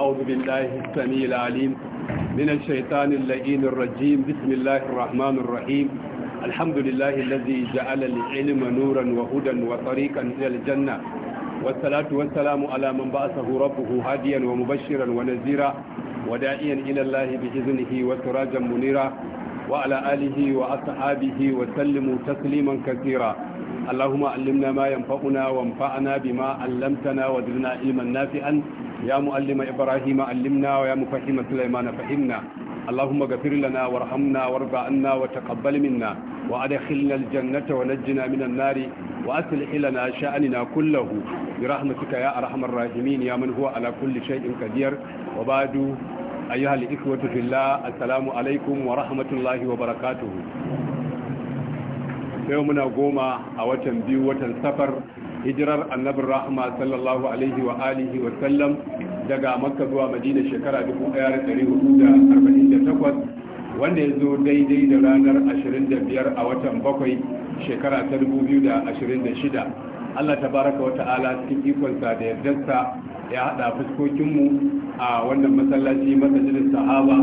أعوذ بالله السميع العليم من الشيطان اللئين الرجيم بسم الله الرحمن الرحيم الحمد لله الذي جعل العلم نورا وهدى وطريقا إلى الجنة والصلاة والسلام على من بعثه ربه هاديا ومبشرا ونذيرا وداعيا إلى الله بإذنه وسراجا منيرا وعلى آله وأصحابه وسلموا تسليما كثيرا اللهم علمنا ما ينفعنا وانفعنا بما علمتنا وزدنا علما نافعا يا معلم إبراهيم علمنا ويا مفهم سليمان فهمنا اللهم اغفر لنا وارحمنا وارض عنا وتقبل منا وادخلنا الجنة ونجنا من النار وأصلح لنا شأننا كله برحمتك يا أرحم الراحمين يا من هو على كل شيء قدير وبعد أيها الإخوة في الله السلام عليكم ورحمة الله وبركاته yau muna goma a watan biyu watan safar hijirar annabin rahama sallallahu alaihi wa alihi wa sallam daga makka zuwa madina shekara 1448 wanda ya zo daidai da ranar 25 a watan bakwai shekara ta 2026 allah ta baraka wa ta'ala cikin ikonsa da yardarsa ya haɗa fuskokinmu a wannan masallaci masajidin sahaba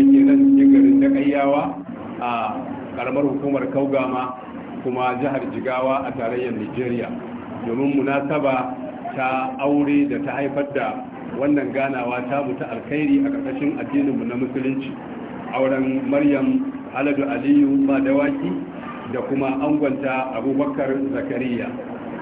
da ke nan cikin garin da ƙayyawa a ƙaramar hukumar kaugama kuma jihar jigawa a tarayyar nigeria domin munasaba ta aure da ta haifar da wannan ganawa ta buta alkhairi a ƙarƙashin addininmu na musulunci auren maryam haladu aliyu madawaki da kuma angonta abubakar zakariya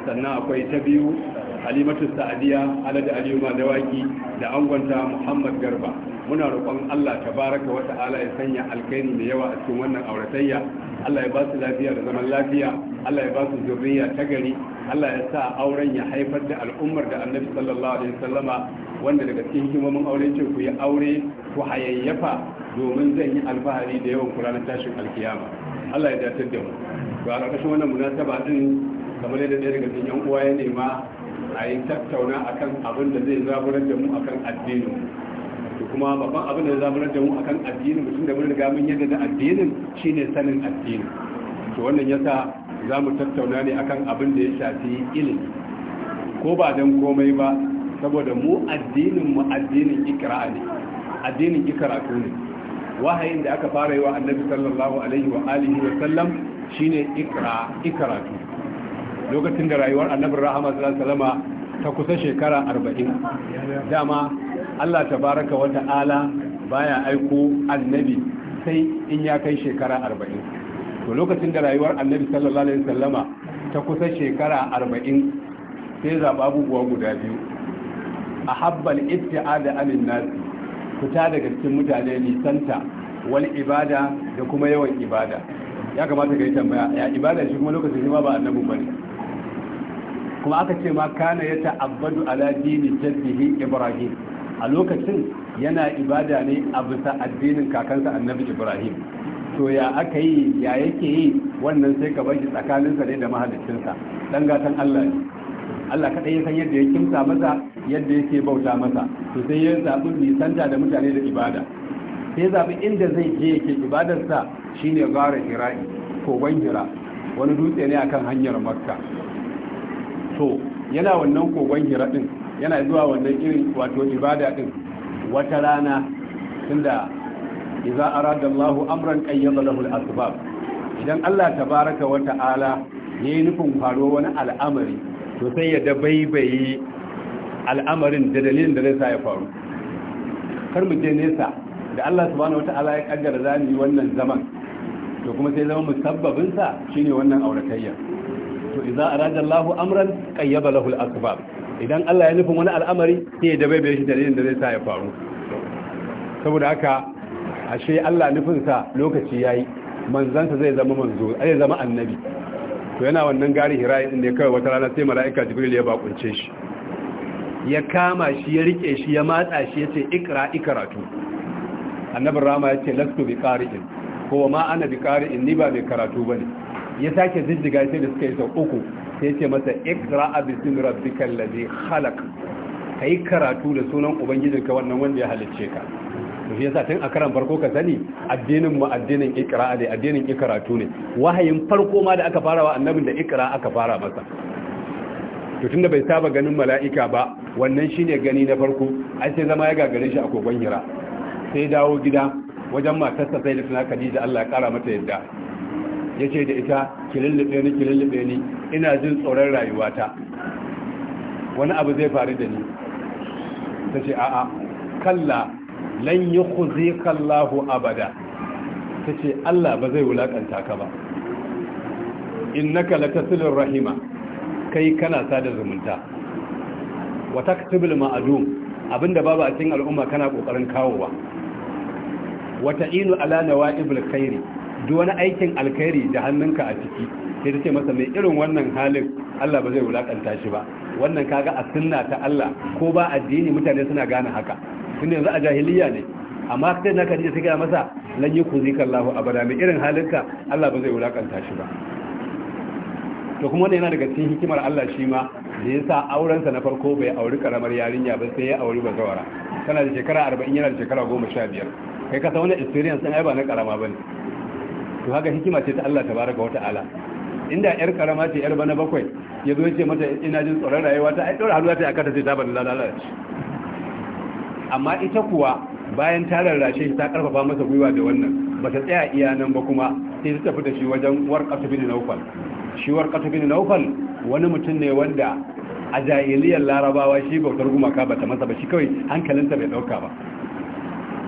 sannan akwai ta biyu halimatu sa'adiya haladu aliyu madawaki da angonta muhammad garba muna roƙon Allah tabaraka wa ta'ala ya sanya alkaini da yawa a cikin wannan auratayya Allah ya ba su lafiya da zaman lafiya Allah ya ba su zurriya ta gari Allah ya sa auren ya haifar da al'ummar da Annabi sallallahu alaihi wasallama wanda daga cikin hikimomin aure ce ku yi aure ku hayayyafa domin zan yi alfahari da yawan ku ranar tashin alkiyama Allah ya dace da mu to a wannan munasaba din kamar yadda ɗaya daga cikin yan uwa ya nema a yi tattauna akan abin da zai zaburar da mu akan addinin mu to kuma babban abin da zamu da mu akan addinin mutum da mun riga mun yadda da addinin shine sanin addini to wannan yasa zamu tattauna ne akan abin da ya shafi ilimi ko ba dan komai ba saboda mu addinin mu addinin ikra ne addinin ikra ne wahayin da aka fara yi wa annabi sallallahu alaihi wa alihi wa sallam shine ikra ikratu lokacin da rayuwar annabi rahama sallallahu alaihi wa sallama ta kusa shekara 40 dama Allah ta baraka wata ala baya aiko annabi sai in ya kai shekara arba'in to lokacin da rayuwar annabi sallallahu alaihi wasallama ta kusa shekara arba'in sai zaɓa abubuwa guda biyu a habbal da amin nasi fita daga cikin mutane nisanta wani ibada da kuma yawan ibada ya kamata ka yi tambaya ya ibada shi kuma lokacin shi ma ba annabin bane kuma aka ce ma kana ya ta'abbadu ala dini jaddihi ibrahim a lokacin yana ibada ne a bisa addinin kakansa annabi ibrahim to ya aka yi ya yake yi wannan sai ka bashi tsakaninsa ne da mahalicinsa dan gatan allah ne allah kaɗai ya san yadda ya kimsa masa yadda yake bauta masa to sai ya zaɓi nisanta da mutane da ibada sai zaɓi inda zai je yake ibadarsa shine gara hira'i kogon hira wani dutse ne akan hanyar makka to yana wannan kogon hira din yana zuwa wannan irin wato ibada din wata rana tunda idza arada Allah amran qayyada lahu al-asbab idan Allah tabaraka wa ta'ala yayi nufin faro wani al'amari to sai ya dabaibaye al'amarin da dalilin da zai sa ya faru kar mu je nesa da Allah subhanahu wa ta'ala ya kaddara zamu yi wannan zaman to kuma sai zama musabbabin sa shine wannan auratayya to idza arada Allah amran qayyada lahu al-asbab idan Allah ya nufin wani al'amari sai da bai bai shi dalilin da zai sa ya faru saboda haka ashe Allah nufin sa lokaci yayi manzansa zai zama manzo zai zama annabi to yana wannan gari hirayi din da ya kai wata rana sai mala'ika jibril ya bakunce shi ya kama shi ya rike shi ya matsa shi ya ce ikra ikratu annabi rama ya ce lastu bi qari'in ko ma ana bi qari'in ni ba mai karatu bane ya sake ziddiga sai da suka yi sau uku sai ce masa ikra bismi rabbikal ladhi khalaq kai karatu da sunan ubangijinka wannan wanda ya halicce ka to shi yasa tun a karan farko ka sani addinin mu addinin ikra ne addinin ikaratu ne wahayin farko ma da aka fara wa annabin da ikra aka fara masa to tunda bai saba ganin mala'ika ba wannan shine gani na farko ai sai zama ya gagare shi a kogon hira sai dawo gida wajen matarsa sai da suna kadija Allah ya kara mata yadda ya ce da ita ki ni ki ni ina jin tsoron rayuwata wani abu zai faru da ni ta ce a'a kalla lan yi kuzi kallahu abada ta ce allah ba zai wulakanta ka ba In kalata silin rahima kai kana sada zumunta Wata taktibul ma'adum abinda babu a cikin al'umma kana ƙoƙarin kawowa wata inu ala Ibil khairi duk wani aikin alkhairi da hannunka a ciki sai ta ce masa mai irin wannan halin Allah ba zai wulakanta shi ba wannan kaga a sunna ta Allah ko ba addini mutane suna gane haka tun yanzu a jahiliya ne amma sai na kaje sai ga masa lan yi kuzika Allah abada mai irin halinka Allah ba zai wulakanta shi ba to kuma wannan yana daga cikin hikimar Allah shi ma da yasa auren sa na farko bai auri karamar yarinya ba sai ya auri bazawara tana da shekara 40 yana da shekara 15 kai ka ta wannan experience din ai ba na karama bane to haka hikima ce ta Allah tabaraka wata'ala inda yar karama ce yar bana bakwai ya zo ce mata ina jin tsoron rayuwa ta ai dora haluwa ta aka ta ce ta bada lalace amma ita kuwa bayan ta rarrashe ta karfafa masa gwiwa da wannan ba ta tsaya iya nan ba kuma sai ta tafi da shi wajen warqatu bin nawfal shi warqatu bin nawfal wani mutum ne wanda a jahiliyar larabawa shi bautar gumaka ba ta masa ba shi kawai hankalinta bai dauka ba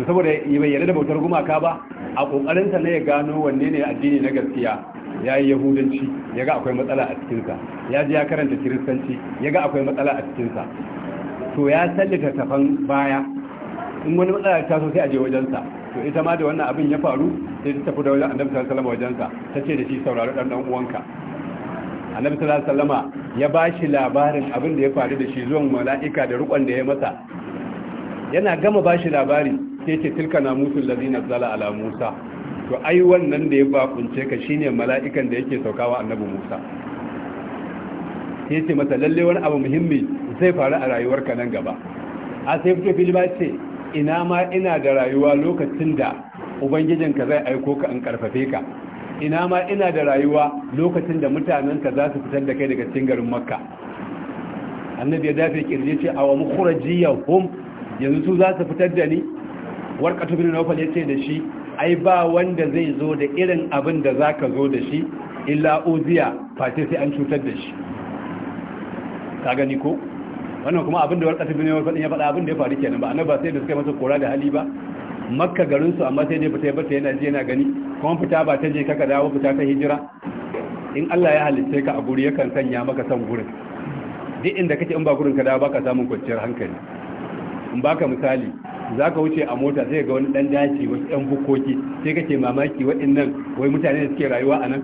to saboda bai yarda da bautar gumaka ba a kokarinsa ne ya gano wanne ne addini na gaskiya ya yi yahudanci ya ga akwai matsala a cikinsa ya ji ya karanta kiristanci ya ga akwai matsala a cikinsa to ya san tafan baya in wani matsala ta so sai a je wajensa to ita ma da wannan abin ya faru sai ta tafi da wajen annabi sallallahu alaihi wajensa ta ce da shi saurari dan dan uwanka annabi sallallahu alaihi wasallama ya bashi labarin abin da ya faru da shi zuwan mala'ika da rukon da ya masa yana gama bashi labari sai ce tilka na musul lazi zala ala musa to ai wannan da ya bakunce ka shine mala'ikan da yake saukawa annabi musa sai ce masa lalle wani abu muhimmi zai faru a rayuwarka nan gaba a sai fito fili ba ce ina ma ina da rayuwa lokacin da ubangijinka zai aiko ka in karfafe ka ina ma ina da rayuwa lokacin da mutanenka za su fitar da kai daga cikin garin makka annabi ya dafe kirje ce a wa mukhrajiyahum yanzu su za su fitar da ni warqatu bin ya ce da shi ai ba wanda zai zo da irin abin da za ka zo da shi illa uziya face sai an cutar da shi ka gani ko wannan kuma abin da warqatu bin nawfal ya faɗa abin da ya faru kenan ba annaba ba sai da suka masa kora da hali ba makka garin su amma sai dai fita ya bata yana ji yana gani kuma fita ba ta je kaka dawo fita ta hijira in Allah ya halitta ka a guri yakan sanya maka san gurin duk inda kake in ba gurin ka dawo baka samun kwanciyar hankali in baka misali za ka wuce a mota sai ga wani dan dace wasu yan bukoki sai kake mamaki waɗannan wai mutane da suke rayuwa a nan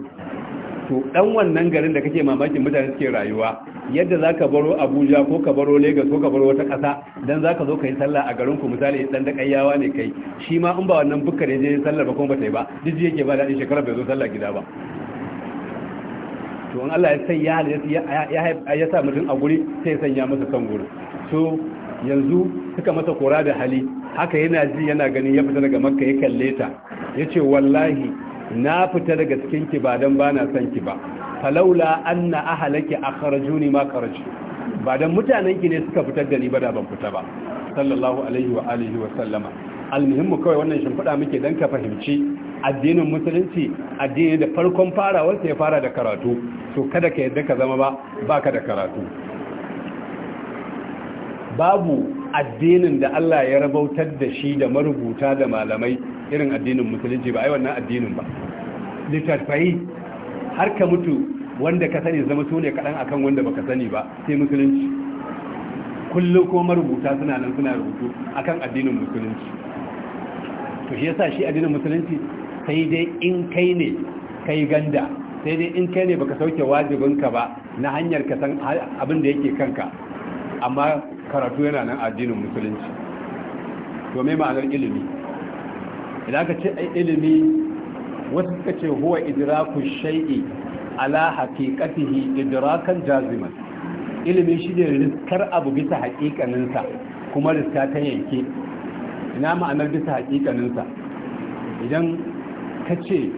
to dan wannan garin da kake mamakin mutane suke rayuwa yadda za ka baro abuja ko ka baro lagos ko ka baro wata ƙasa dan za ka zo ka yi sallah a garin ku misali dan da kayyawa ne kai shi ma in ba wannan bukka da je sallar ba kuma ba ta yi ba duk yake ba daɗin shekarar bai zo sallah gida ba to in Allah ya sanya ya ya sa mutum a guri sai ya sanya masa kan guri to yanzu suka masa kora da hali haka yana ji yana gani ya fita daga makka ya kalle ta ya ce wallahi na fita daga cikin ki ba don ba na son ki ba falaula an na ahalaki a ne ma ba don mutanen ki ne suka fitar da ni ba da ban fita ba sallallahu alaihi wa alihi wa sallama almuhimmu kawai wannan shimfiɗa muke dan ka fahimci addinin musulunci addini da farkon farawarsa ya fara da karatu to kada ka yadda ka zama ba baka da karatu babu addinin da Allah ya rabautar da shi da marubuta da malamai irin addinin musulunci ba ai wannan addinin ba littattafai har ka mutu wanda ka sani zama su ne kaɗan akan wanda baka sani ba sai musulunci kullum ko marubuta suna nan suna rubutu akan addinin musulunci to shi yasa shi addinin musulunci sai dai in kai ne kai ganda sai dai in kai ne baka sauke wajibinka ba na hanyar ka san abin da yake kanka amma karatu yana nan addinin musulunci to me ma'anar ilimi idan ka ce ilimi wasu suka ce huwa idraku shay'i ala haqiqatihi idrakan jaziman ilimi shine riskar abu bisa haƙiƙaninsa kuma riska ta yanke ina ma'anar bisa haƙiƙaninsa idan ka ce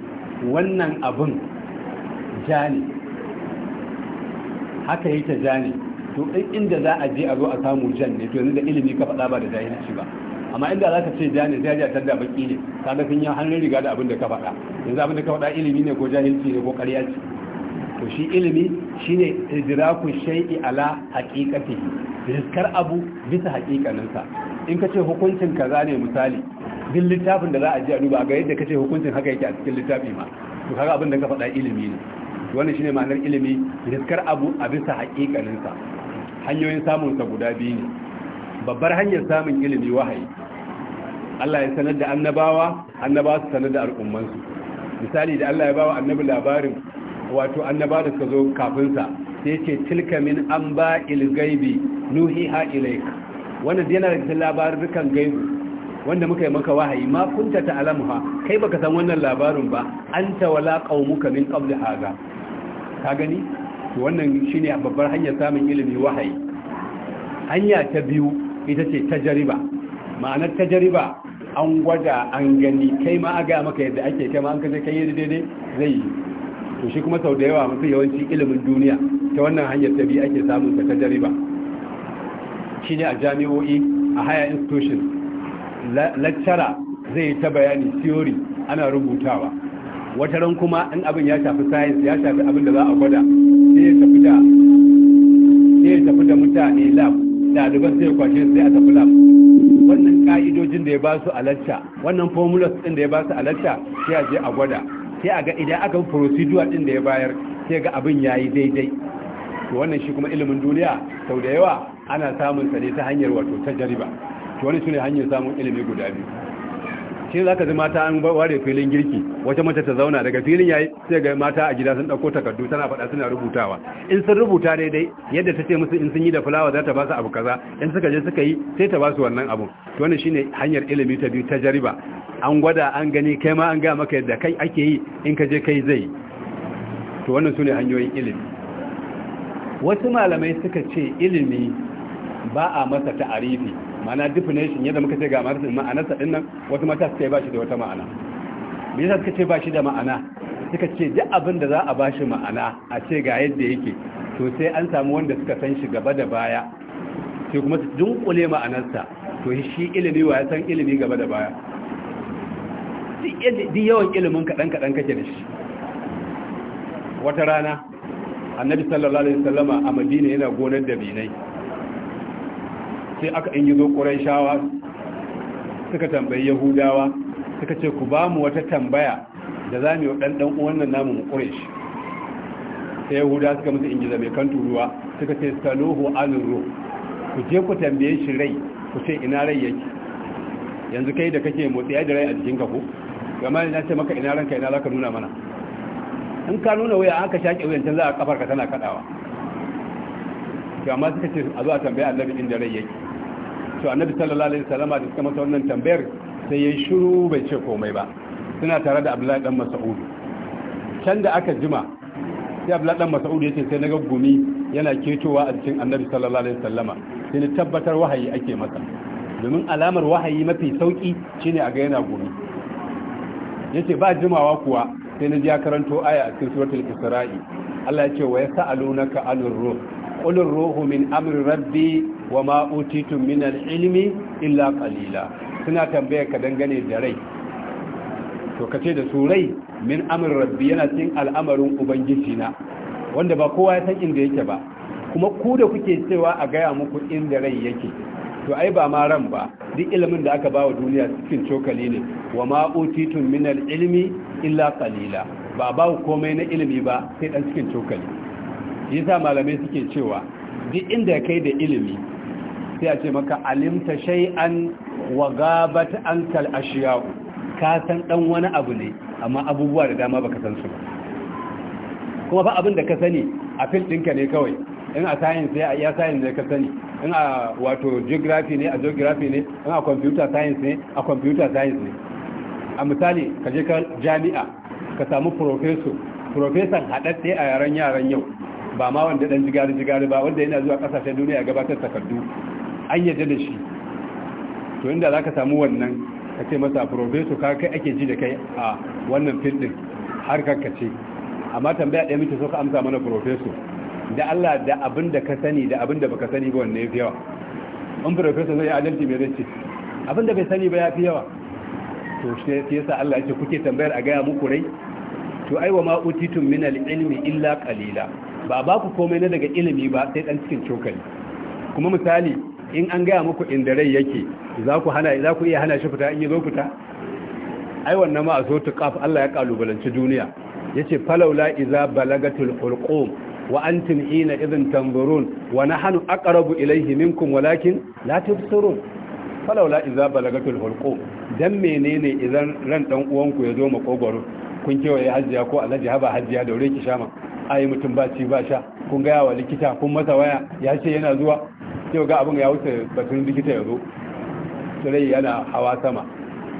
wannan abun ja haka yake ja to ɗin inda za a je a zo a samu jan ne to yanzu da ilimi ka faɗa ba da jahilci ba amma inda za ka ce ja ne sai ya da baki ne ka da yi hannun riga da abin da ka faɗa yanzu abin da ka faɗa ilimi ne ko jahilci ne ko ƙarya ce to shi ilimi shine idraku shay'i ala haqiqatihi riskar abu bisa haƙiƙaninsa in ka ce hukuncin kaza ne misali duk littafin da za a ji a duba ga yadda ka ce hukuncin haka yake a cikin littafi ma to kaga abin da ka faɗa ilimi ne wannan shine ma'anar ilimi riskar abu a bisa haƙiƙaninsa hanyoyin samunsa guda biyu ne babbar hanyar samun ilimi wahayi Allah ya sanar da annabawa annabawa su sanar da al'ummansu misali da Allah ya bawa annabi labarin wato annaba da suka zo kafinsa sai yake tilka min an ba ilgaibi nuhi ha ilaik wannan yana da labarukan gaibi, wanda muka yi maka wahayi ma kunta ta alamha kai baka san wannan labarin ba anta wala qaumuka min qabli haga ka gani to wannan a babbar hanyar samun ilimi wahayi hanya ta biyu ita ce ta jariba. ma'anar ta jariba an gwada an gani kai ma aga maka yadda ake kai ma an kaje kai yadda daidai zai yi to shi kuma sau da yawa mafi yawancin ilimin duniya ta wannan hanyar ta biyu ake samun ta shi shine a jami'o'i a higher institution lecturer zai ta bayani theory ana rubutawa wata ran kuma in abin ya shafi science ya shafi abin da za a gwada sai ya tafi da sai ya tafi da mutane lab ɗaliban sai ya kwashe sai a tafi lab wannan ka'idojin da ya ba su a lacca wannan formulas ɗin da ya ba su a lacca sai a je a gwada sai a ga idan aka procedure ɗin da ya bayar sai ga abin ya yi daidai to wannan shi kuma ilimin duniya sau da yawa ana samun sa ne ta hanyar wato ta jariba to wani su ne hanyar samun ilimi guda biyu shi za ka ji mata an ware filin girki wata mace ta zauna daga filin yayi sai ga mata a gida sun ɗauko takardu tana faɗa suna rubutawa in sun rubuta daidai yadda ta ce musu in sun yi da fulawa za ta ba su abu kaza in suka je suka yi sai ta ba su wannan abu to wannan shine hanyar ilimi ta biyu ta jariba an gwada an gani kai ma an ga maka yadda kai ake yi in ka je kai zai to wannan sune hanyoyin ilimi wasu malamai suka ce ilimi ba a masa ta'arifi ma'ana definition yadda muka ce ga ma'anarsa din nan wasu mata suka ba shi da wata ma'ana me yasa suka ce ba shi da ma'ana suka ce duk abin da za a ba shi ma'ana a ce ga yadda yake to sai an samu wanda suka san shi gaba da baya sai kuma su dunkule ma'anarsa to shi ilimi wa ya san ilimi gaba da baya duk yawan ilimin kaɗan kaɗan kake da shi wata rana annabi sallallahu alaihi wasallama a madina yana gonar da binai sai aka in yi zo ƙuraishawa suka tambayi yahudawa suka ce ku ba mu wata tambaya da za mu yi ɗanɗan wannan namun mu ƙuraish sai yahudawa suka musu yi mai kan turuwa suka ce saluhu alurro ku je ku tambaye shi rai ku ce ina rai yake yanzu kai da kake motsi ya da rai a jikinka ko gama na ce maka ina ranka ina za ka nuna mana in ka nuna wuya an ka shaƙe wuyan can za a ka tana kaɗawa to amma suka ce a zuwa tambaya annabi inda rai yake to annabi sallallahu alaihi wasallam da suka masa wannan tambayar sai yayin shiru bai ce komai ba suna tare da Abdullahi dan Mas'ud can da aka jima sai Abdullahi dan Mas'ud yace sai naga gumi yana ketowa a cikin annabi sallallahu alaihi wasallam sai tabbatar wahayi ake masa domin alamar wahayi mafi sauki shine a ga yana gumi yace ba jimawa kuwa sai na ji ya karanto aya a cikin suratul Isra'i Allah ya ce wa yas'alunaka anur ruh ƙulin ruhu min amri rabbi wa ma'utitun min al'ilmi illa ƙalila suna tambayar ka dangane da rai to ka ce da su rai min rabbi yana cin al'amarin ubangiji na wanda ba kowa ya san inda yake ba kuma ku da kuke cewa a gaya muku inda rai yake to ai ba ma ran ba duk ilimin da aka ba wa duniya cikin cokali ne wa ma'utitun min al'ilmi illa ƙalila ba ba komai na ilimi ba sai dan cikin cokali yasa malamai suke cewa duk inda kai da ilimi sai a ce maka alimta shay'an wa gabat ankal ashiya'u ka san dan wani abu ne amma abubuwa da dama baka san su ba kuma ba abin da ka sani a fil ɗinka ne kawai in a science ne a iya science ne ka sani in a wato geography ne a geography ne in a computer science ne a computer science ne a misali ka je ka jami'a ka samu professor professor haɗaɗɗe a yaren yaran yau ba ma wanda dan jigari jigari ba wanda yana zuwa kasashen duniya gabatar takardu an yadda da shi to inda za ka samu wannan ka ce masa profeso ka kai ake ji da kai a wannan firdin har kanka ce amma tambaya ɗaya muke so ka amsa mana profeso da Allah da abin da ka sani da abin da baka sani ba wanne yafi yawa in profeso zai adalci mai rance abin da bai sani ba yafi yawa to shi yasa Allah ya ce kuke tambayar a gaya muku rai to aiwa ma utitun min al-ilmi illa qalila ba ba ku komai na daga ilimi ba sai dan cikin cokali kuma misali in an gaya muku inda rai yake za ku hana za ku iya hana shi fita in zo fita ai wannan ma a ta kaf Allah ya kalubalanci duniya yace falawla iza balagatul qurqum wa antum hina idhin tanzurun wa nahnu aqrabu ilayhi minkum walakin la tubsirun falawla iza balagatul qurqum dan menene idan ran dan uwanku ya zo makogoro kun kewaye hajjiya ko alhaji haba hajjiya wuri ki shama a yi mutum ba ci ba sha kun gaya wa likita kun masa waya ya ce yana zuwa sai ga abin ya wuce batun likita ya zo tsirai yana hawa sama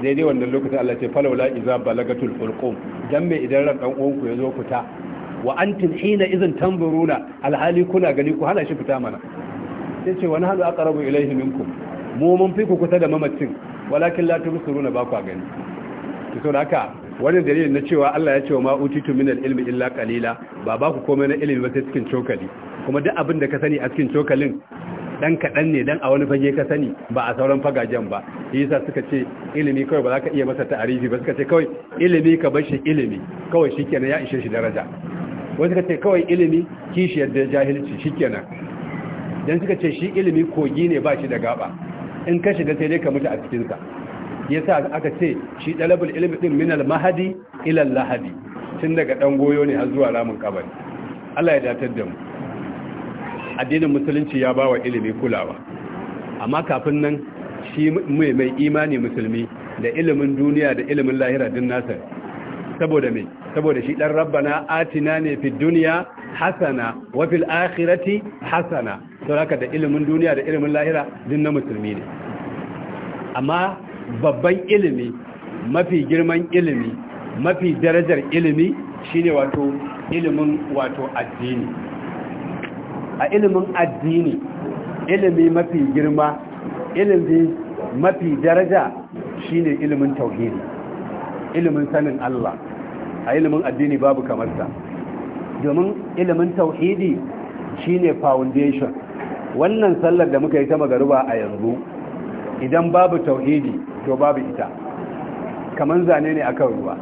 daidai wannan lokacin Allah ce falawla iza balagatul furqum dan me idan ran dan uwanku ya zo fita wa antum hina idan tamburuna alhali kuna gani ku hana shi fita mana sai ce wani halu aqrabu ilayhi minkum mu mun fi ku kusa da mamacin walakin la tumsiruna ba ku gani to saboda haka wannan dalilin na cewa Allah ya ce wa ma utitu min ilmi illa qalila ba ba ku komai na ilimi ba sai cikin cokali kuma duk abin da ka sani a cikin cokalin dan kadan ne dan a wani fage ka sani ba a sauran fagajen ba yasa suka ce ilimi kawai ba za ka iya masa ta'arifi ba suka ce kawai ilimi ka bar shi ilimi kawai shikenan ya ishe shi daraja wasu suka ce kawai ilimi kishiyar da jahilci shikenan dan suka ce shi ilimi kogi ne ba shi da gaba in ka shiga sai dai ka mutu a cikin sa yasa aka ce shi dalabul ilmi ɗin min al-mahdi ila al tun daga ɗan goyo ne har zuwa ramin kabari Allah ya datar da mu addinin musulunci ya bawa ilimi kulawa amma kafin nan shi mai mai imani musulmi da ilimin duniya da ilimin lahira din nasa saboda me saboda shi dan rabbana atina ne fi dunya hasana wa fil akhirati hasana saboda da ilimin duniya da ilimin lahira din na musulmi ne amma babban ilimi mafi girman ilimi mafi darajar ilimi shine wato ilimin wato addini a ilimin addini ilimi mafi girma ilimi mafi daraja shine ilimin tauhidi ilimin sanin Allah a ilimin addini babu kamar sa domin ilimin tauhidi shine foundation wannan sallar da muka yi ta magaruba a yanzu idan babu tauhidi to babu ita kamar zane ne akan ruwa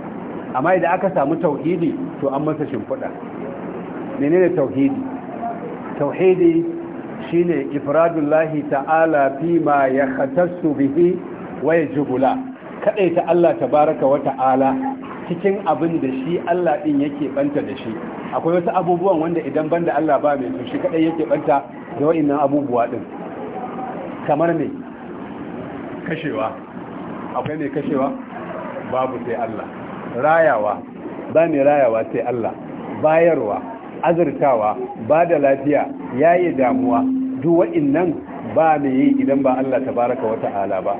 amma idan aka samu tauhidi to an masa shimfiɗa menene tauhidi tauhidi shine ifradullahi ta'ala fi ma ya yahtassu bihi wa yajbula kadaita Allah tabaraka wa ta'ala cikin abin da shi Allah din yake banta da shi akwai wasu abubuwan wanda idan banda Allah ba mai su shi kadai yake banta da wa'annan abubuwa din kamar me kashewa akwai mai kashewa babu sai Allah rayawa ba mai rayawa sai Allah bayarwa azurtawa ba da lafiya yayi damuwa duk wa'annan ba mai yi idan ba Allah tabaraka wa ta'ala ba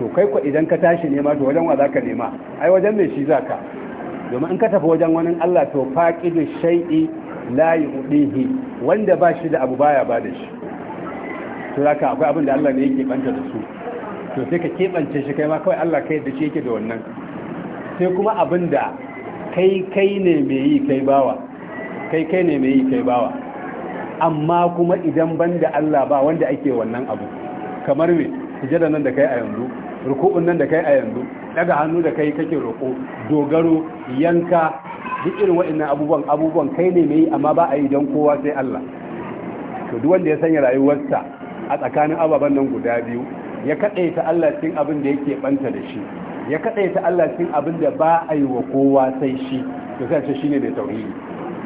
to kai ku idan ka tashi nema to wajen wa zaka nema ai wajen mai shi zaka domin in ka tafi wajen wani Allah to faqidu shay'i la yudihi wanda ba shi da abu baya ba da shi to zaka akwai abin da Allah ne yake banta da su to sai ka keɓance shi kai ma kawai Allah kai da shi yake da wannan sai kuma abinda kai kai ne mai yi kai bawa kai kai ne mai yi kai bawa amma kuma idan banda Allah ba wanda ake wannan abu kamar me sujada nan da kai a yanzu ruku'un nan da kai a yanzu daga hannu da kai kake roko dogaro yanka duk irin waɗannan abubuwan abubuwan kai ne mai yi amma ba a yi don kowa sai Allah to duk wanda ya sanya rayuwarsa a tsakanin ababen nan guda biyu ya kadaita Allah cikin abin da yake banta da shi ya kadaita Allah cikin abin da ba a yi wa kowa sai shi to sai ce shine mai tauhidi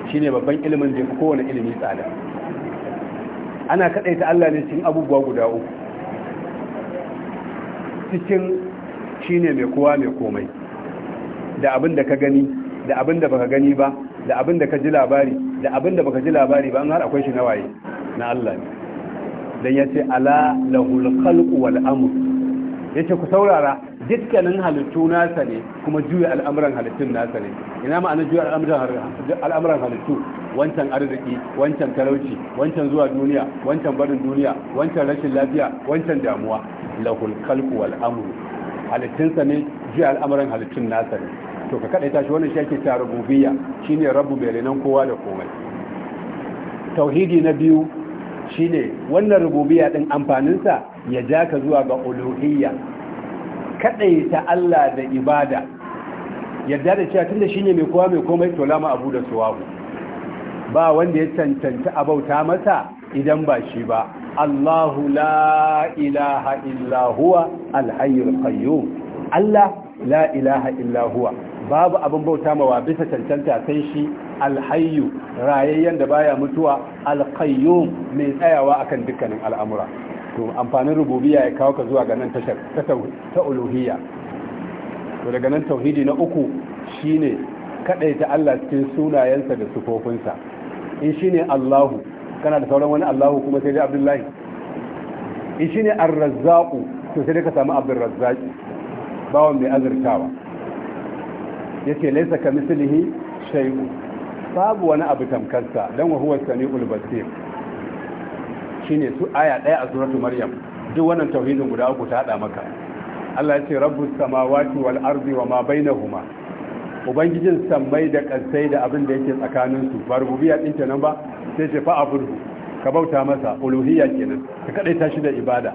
shine babban ilimin da kowane ilimi tsada ana kadaita Allah ne cikin abubuwa guda uku cikin shine mai kowa mai komai da abin da ka gani da abin da baka gani ba da abin da ka ji labari da abin da baka ji labari ba an har akwai shi na waye na Allah ne dan ce ala lahul khalqu wal amr yace ku saurara dukkanin halittu nasa ne kuma juya al'amuran halittun nasa ne ina ma'ana juya al'amuran halittu wancan arziki wancan talauci wancan zuwa duniya wancan barin duniya wancan rashin lafiya wancan damuwa lahul khalqu wal amr halittunsa ne juya al'amuran halittun nasa ne to ka kada tashi wannan shi ake ta rububiyya shine rabbu bai kowa da komai tauhidi na biyu shine wannan rububiyya din amfaninsa ya ja ka zuwa ga Kaɗai ta Allah da ibada yadda da cewa tunda shine mai kowa mai komai to lama abu da suwahu ba wanda ya a bauta masa idan ba shi ba Allahu la ilaha illa huwa al Allah la ilaha illa babu abin bauta mawa bisa cancanta sai shi alhayyu rayayyen da baya mutuwa alqayyum mai tsayawa akan dukkanin al'amura to amfanin rububiyya ya kawo ka zuwa ga nan tashar ta uluhiyya to daga nan tauhidi na uku shine kadaita Allah cikin sunayensa da sufofinsa in shine Allahu kana da sauran wani Allahu kuma sai dai Abdullahi in shine Ar-Razzaq to sai dai ka samu Abdul Razzaq bawon mai azurtawa yace laysa mislihi shay'u babu wani abu tamkarsa dan wa huwa samiul basir shine su aya daya a suratu maryam duk wannan tauhidin guda uku ta hada maka Allah ya ce rabbus samawati wal ardi wama bainahuma ubangijin sammai da kansai da abin da yake tsakanin su ba rububiyya din nan ba sai ce fa abudu ka bauta masa uluhiyya kenan ka kadaita shi da ibada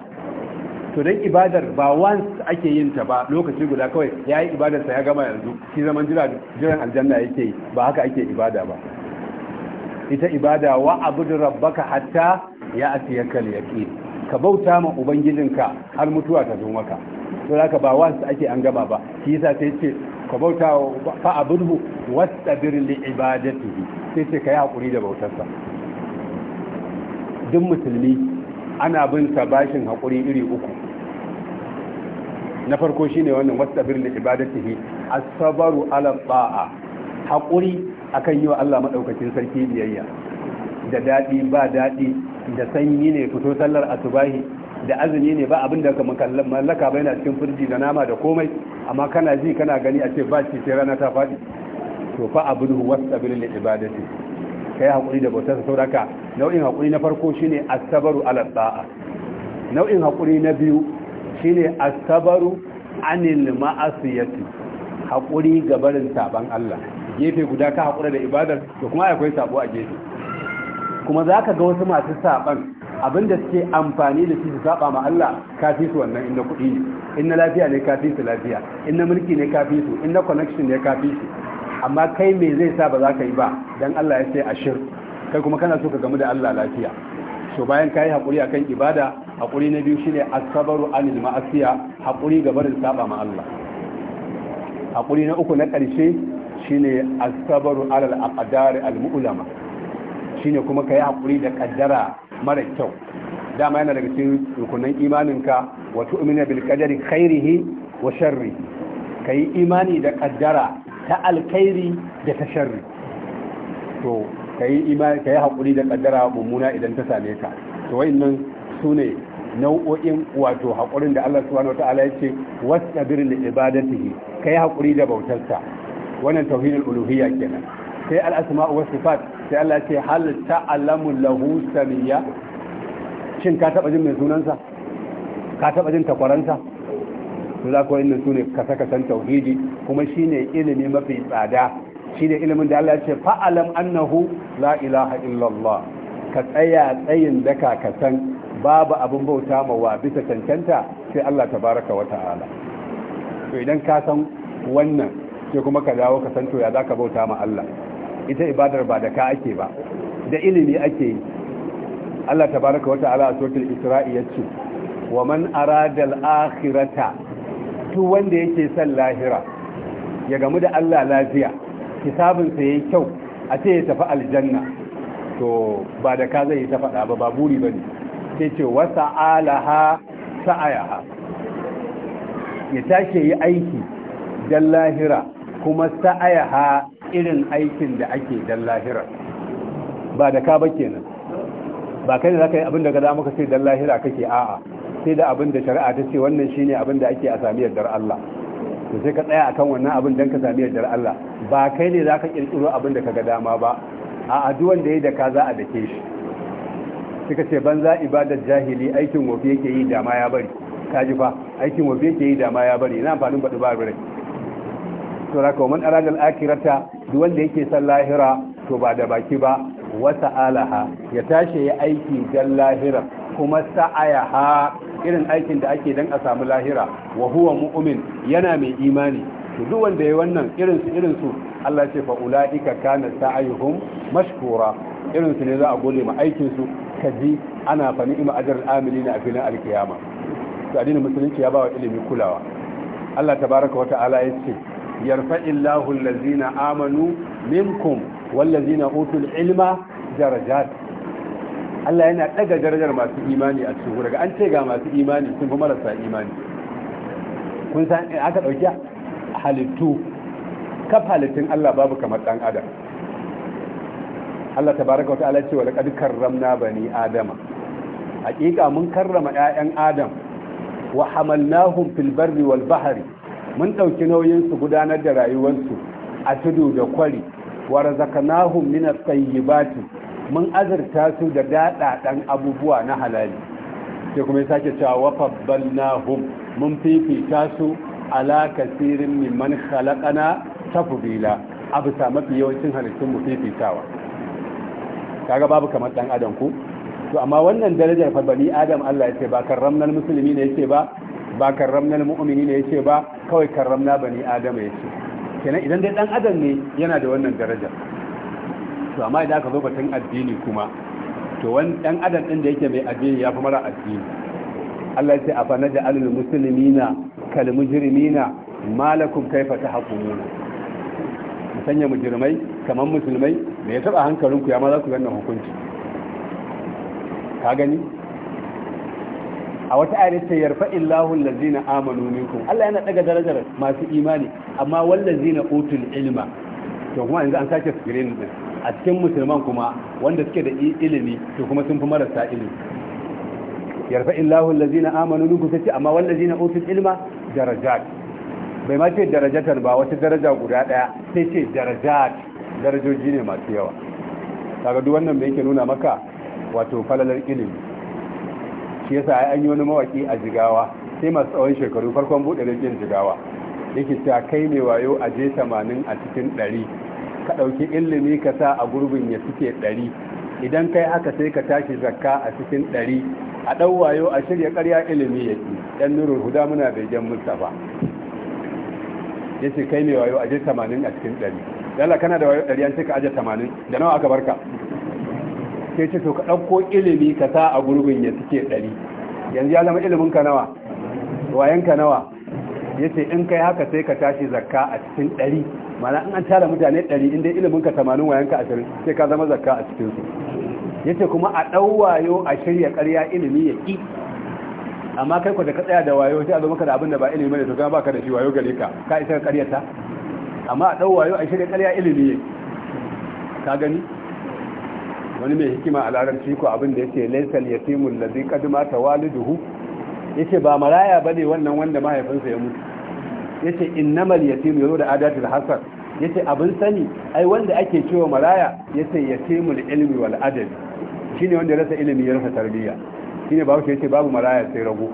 to dan ibadar ba once ake yin ta ba lokaci guda kawai yayi yi ibadarsa ya gama yanzu shi zaman jiran aljanna yake ba haka ake ibada ba ita ibada wa abudu rabbaka hatta ya atiyaka yaqin ka bauta ma ubangijinka har mutuwa ta zo maka to haka ba once ake an gama ba shi yasa sai ce ka bauta fa abudu wastabir li ibadatihi sai ce kai hakuri da bautarsa duk musulmi ana bin sa bashin hakuri iri uku na farko shi ne wannan wasabir li ibadatihi a sabaru ala haƙuri a akan yi wa Allah maɗaukacin sarki biyayya da daɗi ba daɗi da sanyi ne fito sallar asubahi da azumi ne ba abin da ka mallaka bai na cikin firji da nama da komai amma kana ji kana gani a ce ba ce sai rana ta faɗi to fa abudu wasabir li ibadati kai haƙuri da bautar sauraka nau'in haƙuri na farko shine as-sabru ala ta'a nau'in haƙuri na biyu shine asabaru anil ma'asiyati hakuri ga barin saban Allah gefe guda ka hakura da ibadar to kuma akwai sabo a gefe kuma zaka ga wasu masu saban abinda suke amfani da shi su saba ma Allah kafi su wannan inda kuɗi ne inna lafiya ne kafi su lafiya inna mulki ne kafi su inna connection ne kafi su amma kai me zai sa ba za ka yi ba dan Allah ya ce ashir kai kuma kana so ka gamu da Allah lafiya so bayan kai hakuri akan ibada haƙuri na biyu shine asabaru anil ma'asiya haƙuri ga barin saba ma Allah haƙuri na uku na ƙarshe shine asabaru alal aqdar al mu'lama shine kuma kai haƙuri da kaddara mara kyau dama yana daga cikin rukunan imaninka wa tu'minu bil qadari khairihi wa sharri kai imani da kaddara ta alkhairi da ta sharri to kai imani kai haƙuri da kaddara mummuna idan ta same ka to wayannan su ne nau'o'in wato haƙurin da Allah subhanahu wata'ala ya ce wasabir li ibadatihi kai haƙuri da bautarsa wannan tauhidul uluhiyya kenan sai al asma'u was sifat sai Allah ce hal ta'lamu lahu samiyya shin ka taba jin mai sunansa ka taba jin takwaranta to za ku inda sune ka saka san tauhidi kuma shine ilimi mafi tsada shine ilimin da Allah ya fa'alam annahu la ilaha illallah ka tsaya tsayin daka ka san babu abin bauta wa bisa cancanta sai Allah baraka wa ta'ala to idan ka san wannan sai kuma ka dawo ka san to ya zaka bauta ma Allah ita ibadar ba da ka ake ba da ilimi ake yi Allah baraka wa ta'ala a suratul isra'i yace wa man arada al-akhirata duk wanda yake son lahira ya gamu da Allah lafiya ya yayi kyau a ce ya tafi aljanna to ba da ka zai yi ta ba ba buri bane sai ce wasa alaha sa'ayaha ya take yi aiki dan lahira kuma sa'ayaha irin aikin da ake dan lahira ba da ka ba kenan ba kai ne zaka yi abin da ga ka sai dan lahira kake a'a sai da abin da shari'a ta ce wannan shine abin da ake a sami yardar Allah to sai ka tsaya akan wannan abin dan ka sami yardar Allah ba kai ne zaka kirkiro abin da ga dama ba a'a duk da yayi da ka za a dake shi suka ce banza ibadar jahili aikin wofi yake yi dama ya bari ji fa aikin wofi yake yi dama ya bari ina amfanin baɗi ba rai to raka wa man aradal akirata duk wanda yake san lahira to ba da baki ba wata alaha ya tashi ya aiki dan lahira kuma ha irin aikin da ake dan a samu lahira wa huwa mu'min yana mai imani to duk wanda yayi wannan irin su irin su Allah ce fa ulaika kana sa'ayuhum mashkura irin su ne za a gode ma aikin su kaji ana fa ni'ima ajar amilina a filin alkiyama to addinin musulunci ya bawa ilimi kulawa Allah tabaraka wa ta'ala ya ce yarfa'illahu allazina amanu minkum wallazina utul ilma darajat Allah yana daga darajar masu imani a cikin daga an ce ga masu imani sun fi marasa imani kun san eh, aka dauki halittu kaf halittun Allah babu kamar dan adam Allah tabaraka wa ta'ala ce wa laqad karramna bani adama haƙiƙa mun karrama 'ya'yan adam wa hamalnahum fil barri wal bahri mun ɗauki nauyin su gudanar da rayuwarsu a tudu da kwari wa razaqnahum min at-tayyibati mun azurta su da daɗaɗan abubuwa na halali sai kuma ya sake cewa wa faddalnahum mun fifita su ala kasirin mimman khalaqana tafdila abu sa mafi yawancin halittun mu fifitawa kaga babu kamar dan adam ko to amma wannan darajar fa bani adam Allah yace ba karramnal muslimi ne yace ba ba karramnal mu'mini ne yace ba kawai karramna bani adam yace kenan idan dai dan adam ne yana da wannan darajar to amma idan aka zo batun addini kuma to wani dan adam din da yake mai addini ya fi mara addini Allah yace afana da alul muslimina kal mujrimina malakum kaifa tahkumuna sanya mujrimai kamar musulmai da ya taba hankalinku ya ma za ku ganna hukunci ka gani a wata ayar ce rufa illahun lalzina amanu minkum Allah yana daga darajar masu imani amma wallazina utul ilma to kuma yanzu an sake ni din a cikin musulman kuma wanda suke da ilimi to kuma sun fi marasa ilimi yarfa illahu allazina amanu minkum sai amma wallazina utul ilma darajat bai ma ce darajatan ba wata daraja guda daya sai ce darajat darajoji ne masu yawa kaga duk wannan da yake nuna maka wato falalar ilimi shi yasa ai an yi wani mawaki a jigawa sai masu tsawon shekaru farkon buɗe rikin jigawa yake ta kai ne wayo a je 80 a cikin 100 ka ɗauki ilimi ka sa a gurbin ya suke 100 idan kai haka sai ka tashi zakka a cikin 100 a ɗau wayo a shirya ƙarya ilimi ya ƙi ɗan nurul huda muna bai mustapha ya ce kai ne wayo a je 80 a cikin 100 yalla kana da ɗari an ce ka aje tamanin da nawa aka barka Ke ce to ka ɗauko ilimi ka sa a gurbin ya suke ɗari yanzu ya zama ilimin ka nawa wayan ka nawa ya ce in kai haka sai ka tashi zakka a cikin ɗari mana in an tara mutane ɗari inda ilimin ka tamanin wayan ka ashirin sai ka zama zakka a cikin su ya ce kuma a ɗau wayo a shirya ƙarya ilimi ya ƙi amma kai ku da ka tsaya da wayo sai a zo maka da abin da ba ilimi ne to gama baka da shi wayo gare ka ka isa ƙaryata amma a ɗauwayo a shirya ƙarya ilimi ne ka gani wani mai hikima a larabci ko abin da yake laisal yatimul ladhi qad ta waliduhu yace ba maraya ba ne wannan wanda mahaifinsa ya mutu yace innamal yatim yazo da adatul hasan yace abin sani ai wanda ake cewa maraya yace yatimul ilimi wal adab shine wanda ya rasa ilimi ya rasa tarbiyya shine babu yace babu maraya sai rago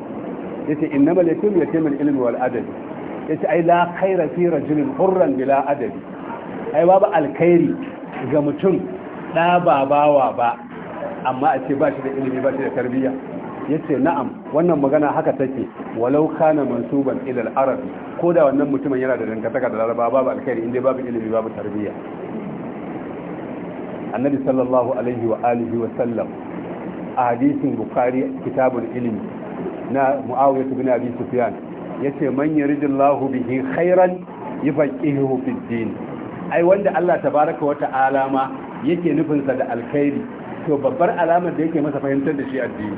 yace innamal yatim yatimul ilmi wal adab ce ai la khaira fi rajulin hurran bila adabi ai babu alkhairi ga mutum da ba bawa ba amma a ce ba shi da ilimi ba shi da tarbiyya ce na'am wannan magana haka take walau kana mansuban ila al-arabi ko da wannan mutumin yana da dangantaka da laraba babu alkhairi inda babu ilimi babu tarbiyya annabi sallallahu alaihi wa alihi wa sallam a hadisin bukhari kitabul ilmi na muawiya ibn abi sufyan yace man yuridillahu bihi khairan yufaqihuhu fid din ai wanda Allah ta wa wata alama yake nufinsa da alkhairi to babbar alamar da yake masa fahimtar da shi addini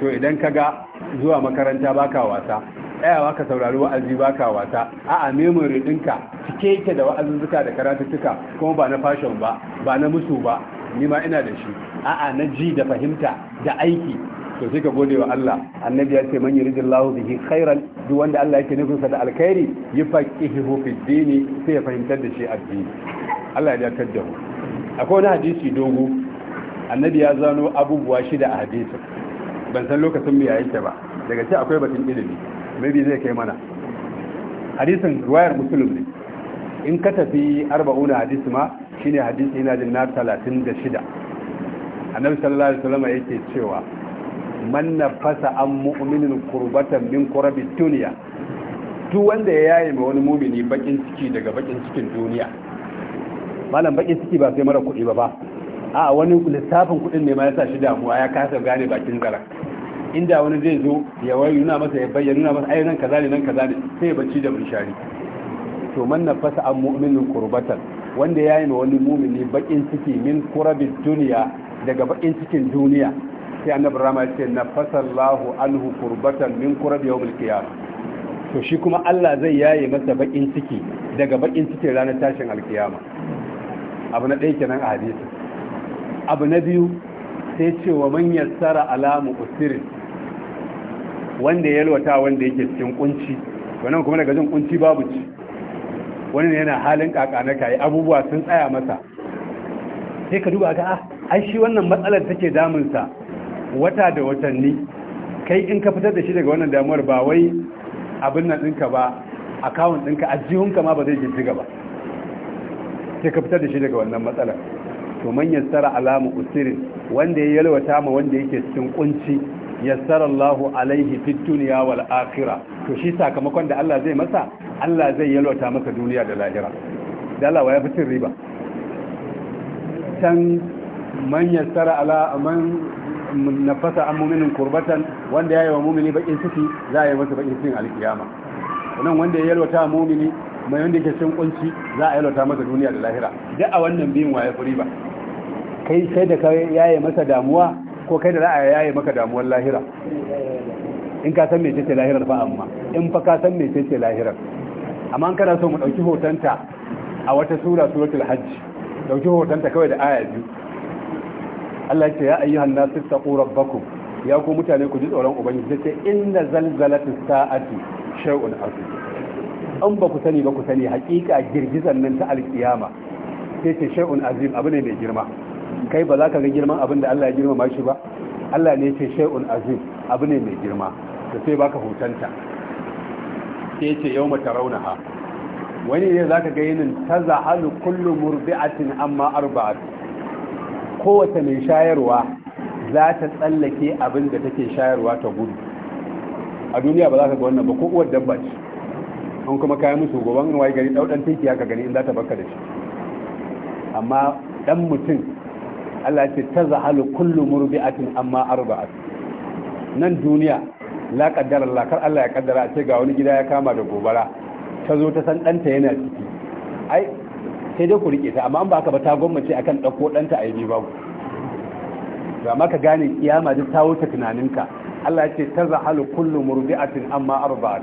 to idan kaga zuwa makaranta baka wasa tsayawa ka saurari wa'azi baka wasa a'a memory ɗinka cike yake da wa'azuzzuka da karatuttuka kuma ba na fashion ba ba na musu ba ni ma ina da shi a na ji da fahimta da aiki to sai ka gode wa Allah annabi ya ce man yuridillahu bihi khairan duk wanda Allah yake nufin sa da alkhairi yufaqihuhu fid dini sai ya fahimtar da shi addini Allah ya dakar da mu akwai wani hadisi dogo annabi ya zano abubuwa shida a hadisin ban san lokacin mu yayin ta ba daga ce akwai batun ilimi maybe zai kai mana hadisin riwayar muslim ne in ka tafi 40 hadisi ma shine hadisi yana jin na 36 annabi sallallahu alaihi wasallam yake cewa man nafasa an mu'minin kurbatan min kurabi duniya duk wanda ya yaye ma wani mumini bakin ciki daga bakin cikin duniya malam bakin ciki ba sai mara kuɗi ba ba a wani lissafin kuɗin ne ma ya sa shi damuwa ya kasa gane bakin zara inda wani zai zo ya wayu nuna masa ya bayyana nuna masa ai nan kaza ne nan kaza ne sai ya bacci da munshari to man nafasa an mu'minin kurbatan wanda ya yi ma wani mumini bakin ciki min kurabin duniya daga bakin cikin duniya sai annabi rama ya ce na fasallahu anhu kurbatan min kurab yawmil qiyamah to shi kuma Allah zai yaye masa bakin ciki daga bakin cikin ranar tashin alkiyama abu na ɗaya kenan a hadisi abu na biyu sai ce wa man yassara alamu usirin wanda ya yalwata wanda yake cikin kunci wannan kuma daga jin kunci babu ci wani ne yana halin kaka na kai abubuwa sun tsaya masa sai ka duba ga ah ai shi wannan matsalar take damunsa wata da watanni kai in ka fitar da shi daga wannan damuwar ba wai abin nan ɗinka ba akawun ɗinka ajihunka ma ba zai jijjiga ba sai ka fitar da shi daga wannan matsalar to man yassara alamu usirin wanda ya yalwata ma wanda yake cikin kunci yassara Allahu alaihi fid dunya wal akhirah to shi sakamakon da Allah zai masa Allah zai yalwata masa duniya da lahira da Allah ya fitin riba can man yassara ala man nafasa an muminin kurbatan wanda ya yi wa mumini bakin ciki za a yi masa bakin cikin alkiyama nan wanda ya yalwata mumini mai wanda ke cin kunci za a yalwata masa duniya da lahira duk a wannan biyun waye furi ba kai sai da ka yaye masa damuwa ko kai da za a yaye maka damuwar lahira in ka san mece ce lahirar fa amma in fa ka san mece ce lahirar amma kana so mu dauki hotanta a wata sura suratul hajj dauki hotanta kawai da aya biyu Allah ce ya ayyuhan nasu taqu rabbakum ya ku mutane ku ji tsoron ubangiji sai inna zalzalatu sa'ati shay'un azim an ba ku sani ba ku sani hakika girgizan nan ta alkiyama sai ce shay'un azim abu ne mai girma kai ba za ka ga girman abin da Allah ya girmama shi ba Allah ne ce shay'un azim abu ne mai girma da sai baka hutanta sai ce yawma tarawnaha wani ne zaka ga yinin tazahalu kullu murbi'atin amma arba'at kowace mai shayarwa za ta tsallake abin da take shayarwa ta gudu a duniya ba za ka ga wannan ba ko uwar dabba ce an kuma kayan musu goban wai gari daudan teki ka gani in za ta baka da shi amma dan mutum Allah ce ta zahalu kullu murbi'atin amma arba'at nan duniya la kaddara Allah kar Allah ya kaddara a ce ga wani gida ya kama da gobara ta zo ta san danta yana ciki ai sai dai ku rike ta amma an ba ka ba ta gwammace akan ɗauko ɗanta ayi ba ku to amma ka gane kiyama duk ta wuce tunaninka Allah ya ce ta kullu murdi'atin amma arba'at